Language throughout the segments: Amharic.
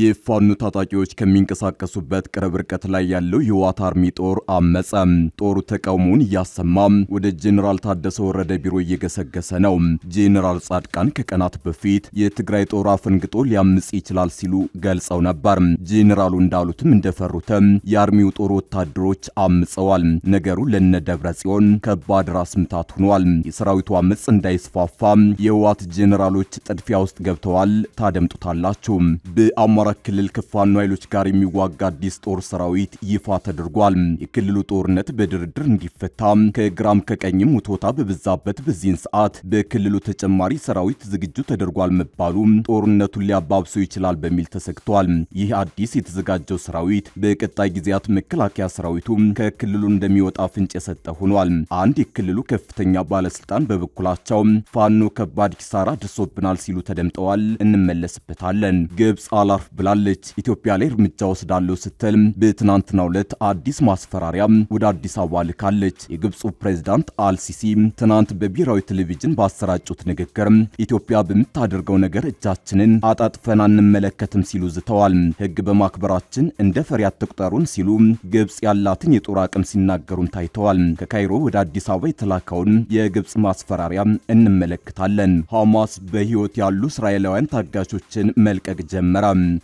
የፋኖ ታጣቂዎች ከሚንቀሳቀሱበት ቅርብ ርቀት ላይ ያለው የህወሓት አርሚ ጦር አመፀ። ጦሩ ተቃውሞውን እያሰማ ወደ ጄኔራል ታደሰ ወረደ ቢሮ እየገሰገሰ ነው። ጄኔራል ጻድቃን ከቀናት በፊት የትግራይ ጦር አፈንግጦ ሊያምጽ ይችላል ሲሉ ገልጸው ነበር። ጄኔራሉ እንዳሉትም እንደፈሩትም የአርሚው ጦር ወታደሮች አምፀዋል። ነገሩ ለነ ደብረ ጽዮን ከባድ ራስ ምታት ሆኗል። የሰራዊቱ አመፅ እንዳይስፋፋ የህወሓት ጄኔራሎች ጥድፊያ ውስጥ ገብተዋል። ታደምጡታላችሁ። ከአማራ ክልል ከፋኖ ኃይሎች ጋር የሚዋጋ አዲስ ጦር ሰራዊት ይፋ ተደርጓል። የክልሉ ጦርነት በድርድር እንዲፈታ ከግራም ከቀኝም ውቶታ በበዛበት በዚህን ሰዓት በክልሉ ተጨማሪ ሰራዊት ዝግጁ ተደርጓል መባሉ ጦርነቱን ሊያባብሰው ይችላል በሚል ተሰግቷል። ይህ አዲስ የተዘጋጀው ሰራዊት በቀጣይ ጊዜያት መከላከያ ሰራዊቱ ከክልሉ እንደሚወጣ ፍንጭ የሰጠ ሆኗል። አንድ የክልሉ ከፍተኛ ባለስልጣን በበኩላቸው ፋኖ ከባድ ኪሳራ ደርሶብናል ሲሉ ተደምጠዋል። እንመለስበታለን። ግብጽ አላ ድጋፍ ብላለች። ኢትዮጵያ ላይ እርምጃ ወስዳለሁ ስትል በትናንትናው ዕለት አዲስ ማስፈራሪያ ወደ አዲስ አበባ ልካለች። የግብፁ ፕሬዝዳንት አልሲሲ ትናንት በብሔራዊ ቴሌቪዥን ባሰራጩት ንግግር ኢትዮጵያ በምታደርገው ነገር እጃችንን አጣጥፈን አንመለከትም ሲሉ ዝተዋል። ሕግ በማክበራችን እንደ ፈሪ አትቁጠሩን ሲሉ ግብፅ ያላትን የጦር አቅም ሲናገሩም ታይተዋል። ከካይሮ ወደ አዲስ አበባ የተላከውን የግብፅ ማስፈራሪያ እንመለከታለን። ሐማስ በሕይወት ያሉ እስራኤላውያን ታጋቾችን መልቀቅ ጀመረ።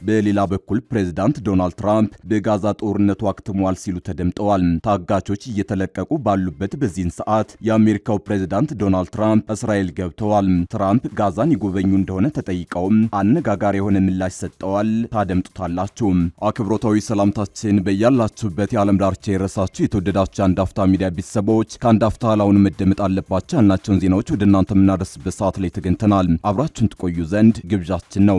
በሌላ በኩል ፕሬዚዳንት ዶናልድ ትራምፕ በጋዛ ጦርነቱ አክትሟል ሲሉ ተደምጠዋል። ታጋቾች እየተለቀቁ ባሉበት በዚህን ሰዓት የአሜሪካው ፕሬዚዳንት ዶናልድ ትራምፕ እስራኤል ገብተዋል። ትራምፕ ጋዛን ይጎበኙ እንደሆነ ተጠይቀውም አነጋጋሪ የሆነ ምላሽ ሰጠዋል። ታደምጡታላችሁ። አክብሮታዊ ሰላምታችን በያላችሁበት የዓለም ዳርቻ የረሳችሁ የተወደዳችሁ የአንዳፍታ ሚዲያ ቤተሰቦች ከአንዳፍታ አፍታ ላሁን መደመጥ አለባቸው ያልናቸውን ዜናዎች ወደ እናንተ የምናደርስበት ሰዓት ላይ ተገኝተናል። አብራችሁን ትቆዩ ዘንድ ግብዣችን ነው።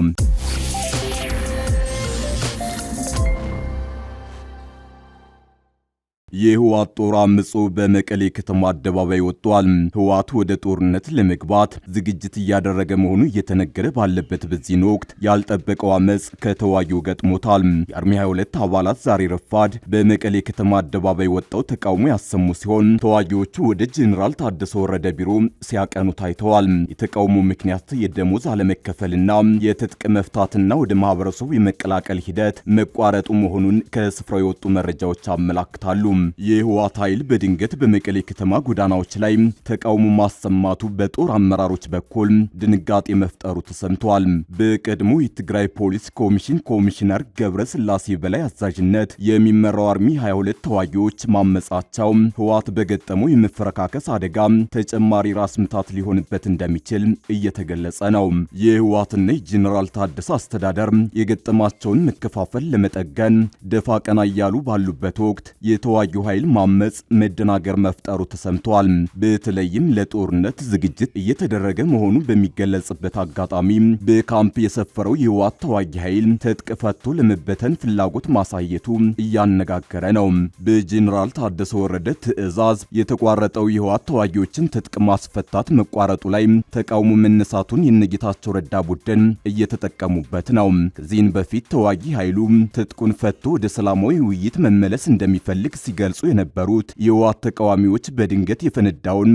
የህወሓት ጦር አምጾ በመቀሌ ከተማ አደባባይ ወጥቷል። ህወሓት ወደ ጦርነት ለመግባት ዝግጅት እያደረገ መሆኑ እየተነገረ ባለበት በዚህን ወቅት ያልጠበቀው አመፅ ከተዋጊው ገጥሞታል። የአርሚ 22 አባላት ዛሬ ረፋድ በመቀሌ ከተማ አደባባይ ወጣው ተቃውሞ ያሰሙ ሲሆን ተዋጊዎቹ ወደ ጄኔራል ታደሰ ወረደ ቢሮ ሲያቀኑ ታይተዋል። የተቃውሞ ምክንያት የደሞዝ አለመከፈልና የትጥቅ መፍታትና ወደ ማህበረሰቡ የመቀላቀል ሂደት መቋረጡ መሆኑን ከስፍራው የወጡ መረጃዎች አመላክታሉ። የህወሓት ኃይል በድንገት በመቀሌ ከተማ ጎዳናዎች ላይ ተቃውሞ ማሰማቱ በጦር አመራሮች በኩል ድንጋጤ መፍጠሩ ተሰምቷል። በቀድሞ የትግራይ ፖሊስ ኮሚሽን ኮሚሽነር ገብረ ስላሴ በላይ አዛዥነት የሚመራው አርሚ 22 ተዋጊዎች ማመጻቸው ህወሓት በገጠመው የመፈረካከስ አደጋ ተጨማሪ ራስ ምታት ሊሆንበት እንደሚችል እየተገለጸ ነው። የህወሓትና የጄኔራል ታደሰ አስተዳደር የገጠማቸውን መከፋፈል ለመጠገን ደፋ ቀና እያሉ ባሉበት ወቅት የተዋ በተለያዩ ኃይል ማመፅ፣ መደናገር መፍጠሩ ተሰምተዋል። በተለይም ለጦርነት ዝግጅት እየተደረገ መሆኑ በሚገለጽበት አጋጣሚ በካምፕ የሰፈረው የህወሓት ተዋጊ ኃይል ትጥቅ ፈቶ ለመበተን ፍላጎት ማሳየቱ እያነጋገረ ነው። በጄኔራል ታደሰ ወረደ ትዕዛዝ የተቋረጠው የህወሓት ተዋጊዎችን ትጥቅ ማስፈታት መቋረጡ ላይ ተቃውሞ መነሳቱን የነጌታቸው ረዳ ቡድን እየተጠቀሙበት ነው። ከዚህን በፊት ተዋጊ ኃይሉ ትጥቁን ፈቶ ወደ ሰላማዊ ውይይት መመለስ እንደሚፈልግ ሲገልጹ የነበሩት የህወሓት ተቃዋሚዎች በድንገት የፈነዳውን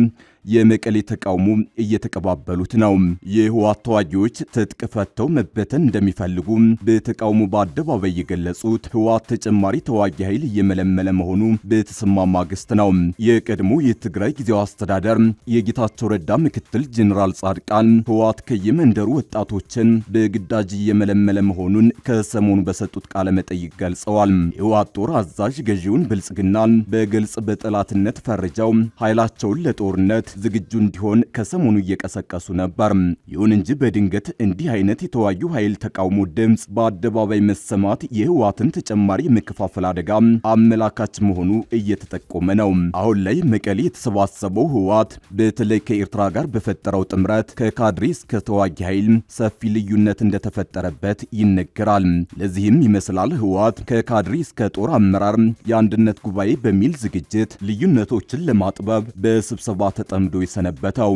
የመቀሌ ተቃውሞ እየተቀባበሉት ነው። የህወሓት ተዋጊዎች ትጥቅ ፈተው መበተን እንደሚፈልጉ በተቃውሞ በአደባባይ የገለጹት ህወሓት ተጨማሪ ተዋጊ ኃይል እየመለመለ መሆኑ በተሰማ ማግስት ነው። የቀድሞ የትግራይ ጊዜያዊ አስተዳደር የጌታቸው ረዳ ምክትል ጀኔራል ጻድቃን ህወሓት ከየመንደሩ ወጣቶችን በግዳጅ እየመለመለ መሆኑን ከሰሞኑ በሰጡት ቃለ መጠይቅ ገልጸዋል። የህወሓት ጦር አዛዥ ገዢውን ብልጽግናን በግልጽ በጠላትነት ፈርጀው ኃይላቸውን ለጦርነት ዝግጁ እንዲሆን ከሰሞኑ እየቀሰቀሱ ነበር። ይሁን እንጂ በድንገት እንዲህ አይነት የተዋዩ ኃይል ተቃውሞ ድምፅ በአደባባይ መሰማት የህወሓትን ተጨማሪ የመከፋፈል አደጋ አመላካች መሆኑ እየተጠቆመ ነው። አሁን ላይ መቀሌ የተሰባሰበው ህወሓት በተለይ ከኤርትራ ጋር በፈጠረው ጥምረት ከካድሬ እስከ ተዋጊ ኃይል ሰፊ ልዩነት እንደተፈጠረበት ይነገራል። ለዚህም ይመስላል ህወሓት ከካድሬ እስከ ጦር አመራር የአንድነት ጉባኤ በሚል ዝግጅት ልዩነቶችን ለማጥበብ በስብሰባ ተጠም አንዱ የሰነበተው።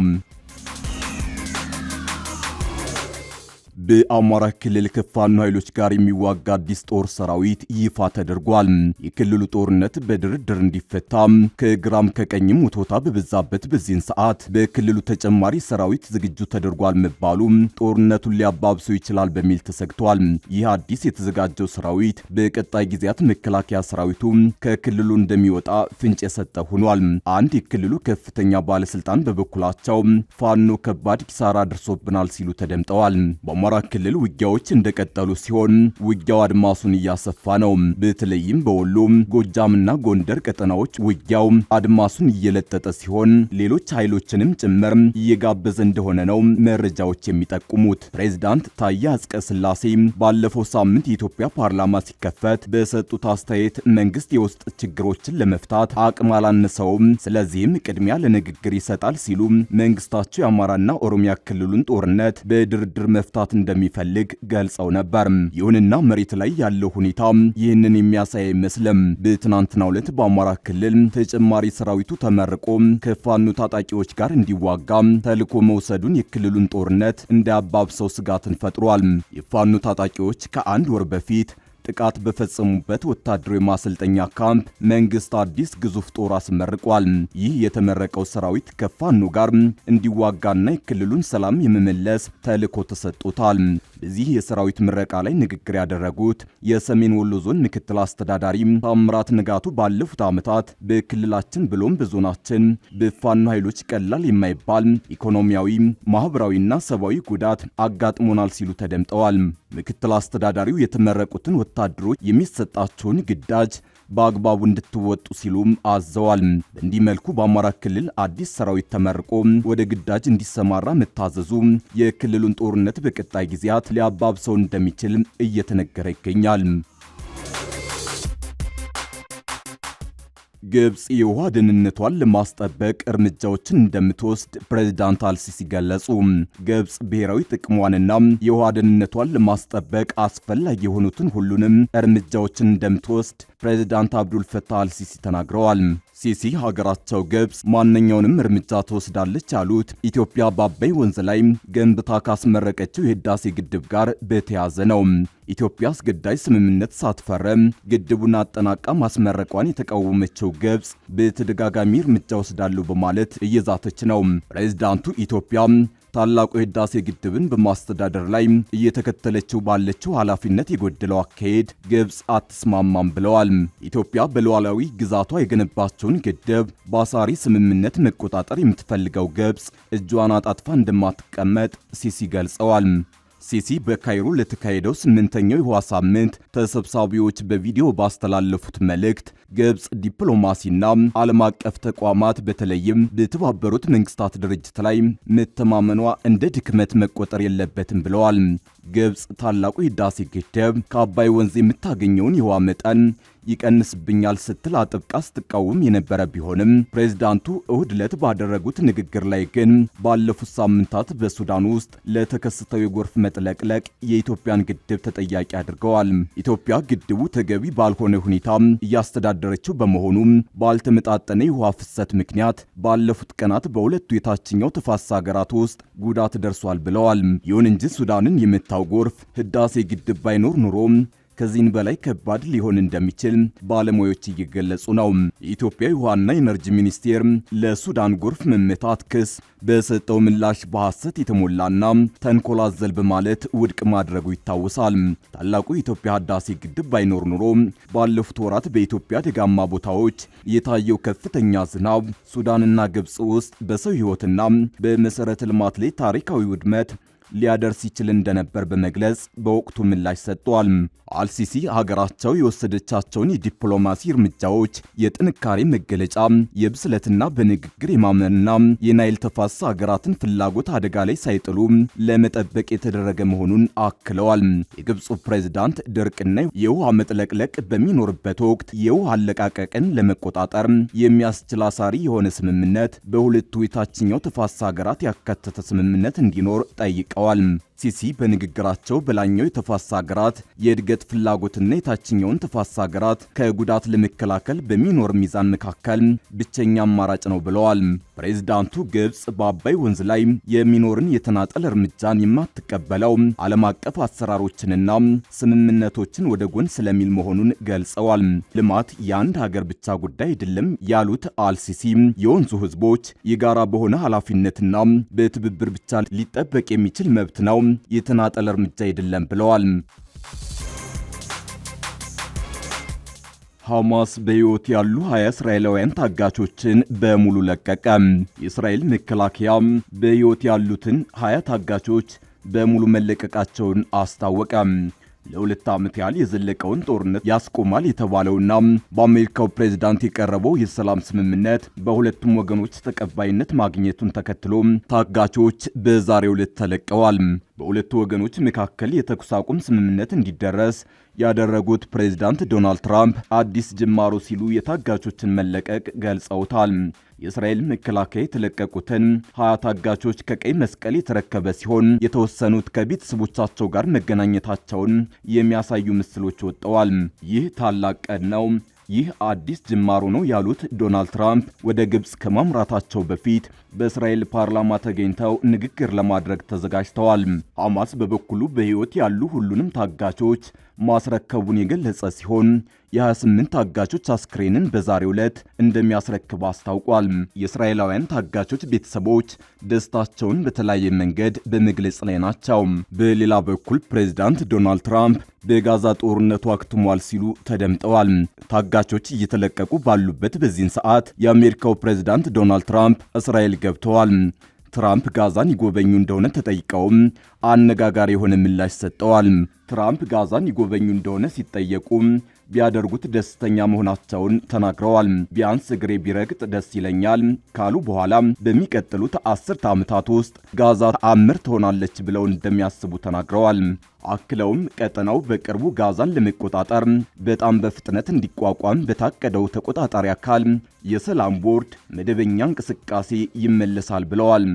በአማራ ክልል ከፋኖ ኃይሎች ጋር የሚዋጋ አዲስ ጦር ሰራዊት ይፋ ተደርጓል። የክልሉ ጦርነት በድርድር እንዲፈታ ከግራም ከቀኝም ውቶታ በበዛበት በዚህን ሰዓት በክልሉ ተጨማሪ ሰራዊት ዝግጁ ተደርጓል መባሉ ጦርነቱን ሊያባብሰው ይችላል በሚል ተሰግቷል። ይህ አዲስ የተዘጋጀው ሰራዊት በቀጣይ ጊዜያት መከላከያ ሰራዊቱ ከክልሉ እንደሚወጣ ፍንጭ የሰጠ ሆኗል። አንድ የክልሉ ከፍተኛ ባለስልጣን በበኩላቸው ፋኖ ከባድ ኪሳራ ደርሶብናል ሲሉ ተደምጠዋል። የአማራ ክልል ውጊያዎች እንደቀጠሉ ሲሆን ውጊያው አድማሱን እያሰፋ ነው። በተለይም በወሎ ጎጃምና ጎንደር ቀጠናዎች ውጊያው አድማሱን እየለጠጠ ሲሆን ሌሎች ኃይሎችንም ጭምር እየጋበዘ እንደሆነ ነው መረጃዎች የሚጠቁሙት። ፕሬዚዳንት ታዬ አጽቀ ሥላሴ ባለፈው ሳምንት የኢትዮጵያ ፓርላማ ሲከፈት በሰጡት አስተያየት መንግስት የውስጥ ችግሮችን ለመፍታት አቅም አላነሰውም፣ ስለዚህም ቅድሚያ ለንግግር ይሰጣል ሲሉ መንግስታቸው የአማራና ኦሮሚያ ክልሉን ጦርነት በድርድር መፍታት እንደሚፈልግ ገልጸው ነበር። ይሁንና መሬት ላይ ያለው ሁኔታ ይህንን የሚያሳይ አይመስልም። በትናንትናው ዕለት በአማራ ክልል ተጨማሪ ሰራዊቱ ተመርቆ ከፋኖ ታጣቂዎች ጋር እንዲዋጋ ተልኮ መውሰዱን የክልሉን ጦርነት እንዳያባብሰው ስጋትን ፈጥሯል። የፋኖ ታጣቂዎች ከአንድ ወር በፊት ጥቃት በፈጸሙበት ወታደራዊ ማሰልጠኛ ካምፕ መንግስት አዲስ ግዙፍ ጦር አስመርቋል። ይህ የተመረቀው ሰራዊት ከፋኖ ጋር እንዲዋጋና የክልሉን ሰላም የመመለስ ተልዕኮ ተሰጥቶታል። በዚህ የሰራዊት ምረቃ ላይ ንግግር ያደረጉት የሰሜን ወሎ ዞን ምክትል አስተዳዳሪ ታምራት ንጋቱ ባለፉት ዓመታት በክልላችን ብሎም በዞናችን በፋኖ ኃይሎች ቀላል የማይባል ኢኮኖሚያዊ፣ ማህበራዊና ሰብአዊ ጉዳት አጋጥሞናል ሲሉ ተደምጠዋል። ምክትል አስተዳዳሪው የተመረቁትን ወታደሮች የሚሰጣቸውን ግዳጅ በአግባቡ እንድትወጡ ሲሉም አዘዋል። በእንዲህ መልኩ በአማራ ክልል አዲስ ሰራዊት ተመርቆ ወደ ግዳጅ እንዲሰማራ መታዘዙ የክልሉን ጦርነት በቀጣይ ጊዜያት ሊያባብሰው እንደሚችል እየተነገረ ይገኛል። ግብፅ የውሃ ደህንነቷን ለማስጠበቅ እርምጃዎችን እንደምትወስድ ፕሬዚዳንት አልሲሲ ገለጹ። ግብፅ ብሔራዊ ጥቅሟንና የውሃ ደህንነቷን ለማስጠበቅ አስፈላጊ የሆኑትን ሁሉንም እርምጃዎችን እንደምትወስድ ፕሬዚዳንት አብዱል ፈታህ አልሲሲ ተናግረዋል። ሲሲ ሀገራቸው ግብጽ ማንኛውንም እርምጃ ትወስዳለች ያሉት ኢትዮጵያ በአባይ ወንዝ ላይ ገንብታ ካስመረቀችው የህዳሴ ግድብ ጋር በተያዘ ነው። ኢትዮጵያ አስገዳጅ ስምምነት ሳትፈረም ግድቡን አጠናቃ ማስመረቋን የተቃወመችው ግብጽ በተደጋጋሚ እርምጃ ወስዳለሁ በማለት እየዛተች ነው። ፕሬዚዳንቱ ኢትዮጵያ ታላቁ የህዳሴ ግድብን በማስተዳደር ላይ እየተከተለችው ባለችው ኃላፊነት የጎደለው አካሄድ ግብፅ አትስማማም ብለዋል። ኢትዮጵያ በሉዓላዊ ግዛቷ የገነባቸውን ግድብ በአሳሪ ስምምነት መቆጣጠር የምትፈልገው ግብፅ እጇን አጣጥፋ እንደማትቀመጥ ሲሲ ገልጸዋል። ሲሲ በካይሮ ለተካሄደው ስምንተኛው የውሃ ሳምንት ተሰብሳቢዎች በቪዲዮ ባስተላለፉት መልእክት ግብፅ ዲፕሎማሲና ዓለም አቀፍ ተቋማት በተለይም በተባበሩት መንግስታት ድርጅት ላይ መተማመኗ እንደ ድክመት መቆጠር የለበትም ብለዋል። ግብፅ ታላቁ ህዳሴ ግድብ ከአባይ ወንዝ የምታገኘውን የውሃ መጠን ይቀንስብኛል ስትል አጥብቃ ስትቃወም የነበረ ቢሆንም ፕሬዚዳንቱ እሁድ ዕለት ባደረጉት ንግግር ላይ ግን ባለፉት ሳምንታት በሱዳን ውስጥ ለተከሰተው የጎርፍ መጥለቅለቅ የኢትዮጵያን ግድብ ተጠያቂ አድርገዋል። ኢትዮጵያ ግድቡ ተገቢ ባልሆነ ሁኔታ እያስተዳደረችው በመሆኑ ባልተመጣጠነ የውሃ ፍሰት ምክንያት ባለፉት ቀናት በሁለቱ የታችኛው ተፋሰስ ሀገራት ውስጥ ጉዳት ደርሷል ብለዋል። ይሁን እንጂ ሱዳንን የመታው ጎርፍ ህዳሴ ግድብ ባይኖር ኑሮ ከዚህን በላይ ከባድ ሊሆን እንደሚችል ባለሙያዎች እየገለጹ ነው። የኢትዮጵያ ውሃና ኤነርጂ ሚኒስቴር ለሱዳን ጎርፍ መመታት ክስ በሰጠው ምላሽ በሐሰት የተሞላና ተንኮላዘል በማለት ውድቅ ማድረጉ ይታወሳል። ታላቁ የኢትዮጵያ ህዳሴ ግድብ ባይኖር ኑሮ ባለፉት ወራት በኢትዮጵያ ደጋማ ቦታዎች የታየው ከፍተኛ ዝናብ ሱዳንና ግብፅ ውስጥ በሰው ህይወትና በመሠረተ ልማት ላይ ታሪካዊ ውድመት ሊያደርስ ይችል እንደነበር በመግለጽ በወቅቱ ምላሽ ሰጥቷል። አልሲሲ ሀገራቸው የወሰደቻቸውን የዲፕሎማሲ እርምጃዎች የጥንካሬ መገለጫ፣ የብስለትና በንግግር የማመንና የናይል ተፋሰስ ሀገራትን ፍላጎት አደጋ ላይ ሳይጥሉ ለመጠበቅ የተደረገ መሆኑን አክለዋል። የግብፁ ፕሬዝዳንት ድርቅና የውሃ መጥለቅለቅ በሚኖርበት ወቅት የውሃ አለቃቀቅን ለመቆጣጠር የሚያስችል አሳሪ የሆነ ስምምነት በሁለቱ የታችኛው ተፋሰስ ሀገራት ያካተተ ስምምነት እንዲኖር ጠይቀዋል። ተጠይቀዋል። ሲሲ በንግግራቸው በላይኛው የተፋሳ ሀገራት የእድገት ፍላጎትና የታችኛውን ተፋሳ ሀገራት ከጉዳት ለመከላከል በሚኖር ሚዛን መካከል ብቸኛ አማራጭ ነው ብለዋል። ፕሬዚዳንቱ ግብፅ በአባይ ወንዝ ላይ የሚኖርን የተናጠል እርምጃን የማትቀበለው ዓለም አቀፍ አሰራሮችንና ስምምነቶችን ወደ ጎን ስለሚል መሆኑን ገልጸዋል። ልማት የአንድ ሀገር ብቻ ጉዳይ አይደለም ያሉት አልሲሲ የወንዙ ህዝቦች የጋራ በሆነ ኃላፊነትና በትብብር ብቻ ሊጠበቅ የሚችል መብት ነው የተናጠል እርምጃ አይደለም ብለዋል። ሐማስ በሕይወት ያሉ 20 እስራኤላውያን ታጋቾችን በሙሉ ለቀቀ። የእስራኤል መከላከያ በሕይወት ያሉትን 20 ታጋቾች በሙሉ መለቀቃቸውን አስታወቀ። ለሁለት ዓመት ያህል የዘለቀውን ጦርነት ያስቆማል የተባለውና በአሜሪካው ፕሬዝዳንት የቀረበው የሰላም ስምምነት በሁለቱም ወገኖች ተቀባይነት ማግኘቱን ተከትሎ ታጋቾች በዛሬው ዕለት ተለቀዋል። በሁለቱ ወገኖች መካከል የተኩስ አቁም ስምምነት እንዲደረስ ያደረጉት ፕሬዚዳንት ዶናልድ ትራምፕ አዲስ ጅማሮ ሲሉ የታጋቾችን መለቀቅ ገልጸውታል። የእስራኤል መከላከያ የተለቀቁትን ሀያ ታጋቾች ከቀይ መስቀል የተረከበ ሲሆን የተወሰኑት ከቤተሰቦቻቸው ጋር መገናኘታቸውን የሚያሳዩ ምስሎች ወጥተዋል። ይህ ታላቅ ቀን ነው። ይህ አዲስ ጅማሮ ነው ያሉት ዶናልድ ትራምፕ ወደ ግብፅ ከማምራታቸው በፊት በእስራኤል ፓርላማ ተገኝተው ንግግር ለማድረግ ተዘጋጅተዋል። ሐማስ በበኩሉ በሕይወት ያሉ ሁሉንም ታጋቾች ማስረከቡን የገለጸ ሲሆን የ28 ታጋቾች አስክሬንን በዛሬው ዕለት እንደሚያስረክብ አስታውቋል። የእስራኤላውያን ታጋቾች ቤተሰቦች ደስታቸውን በተለያየ መንገድ በመግለጽ ላይ ናቸው። በሌላ በኩል ፕሬዚዳንት ዶናልድ ትራምፕ በጋዛ ጦርነቱ አክትሟል ሲሉ ተደምጠዋል። ታጋቾች እየተለቀቁ ባሉበት በዚህን ሰዓት የአሜሪካው ፕሬዚዳንት ዶናልድ ትራምፕ እስራኤል ገብተዋል። ትራምፕ ጋዛን ይጎበኙ እንደሆነ ተጠይቀውም አነጋጋሪ የሆነ ምላሽ ሰጠዋል። ትራምፕ ጋዛን ይጎበኙ እንደሆነ ሲጠየቁ ቢያደርጉት ደስተኛ መሆናቸውን ተናግረዋል። ቢያንስ እግሬ ቢረግጥ ደስ ይለኛል ካሉ በኋላ በሚቀጥሉት አስርተ ዓመታት ውስጥ ጋዛ ተአምር ትሆናለች ብለው እንደሚያስቡ ተናግረዋል። አክለውም ቀጠናው በቅርቡ ጋዛን ለመቆጣጠር በጣም በፍጥነት እንዲቋቋም በታቀደው ተቆጣጣሪ አካል የሰላም ቦርድ መደበኛ እንቅስቃሴ ይመለሳል ብለዋል።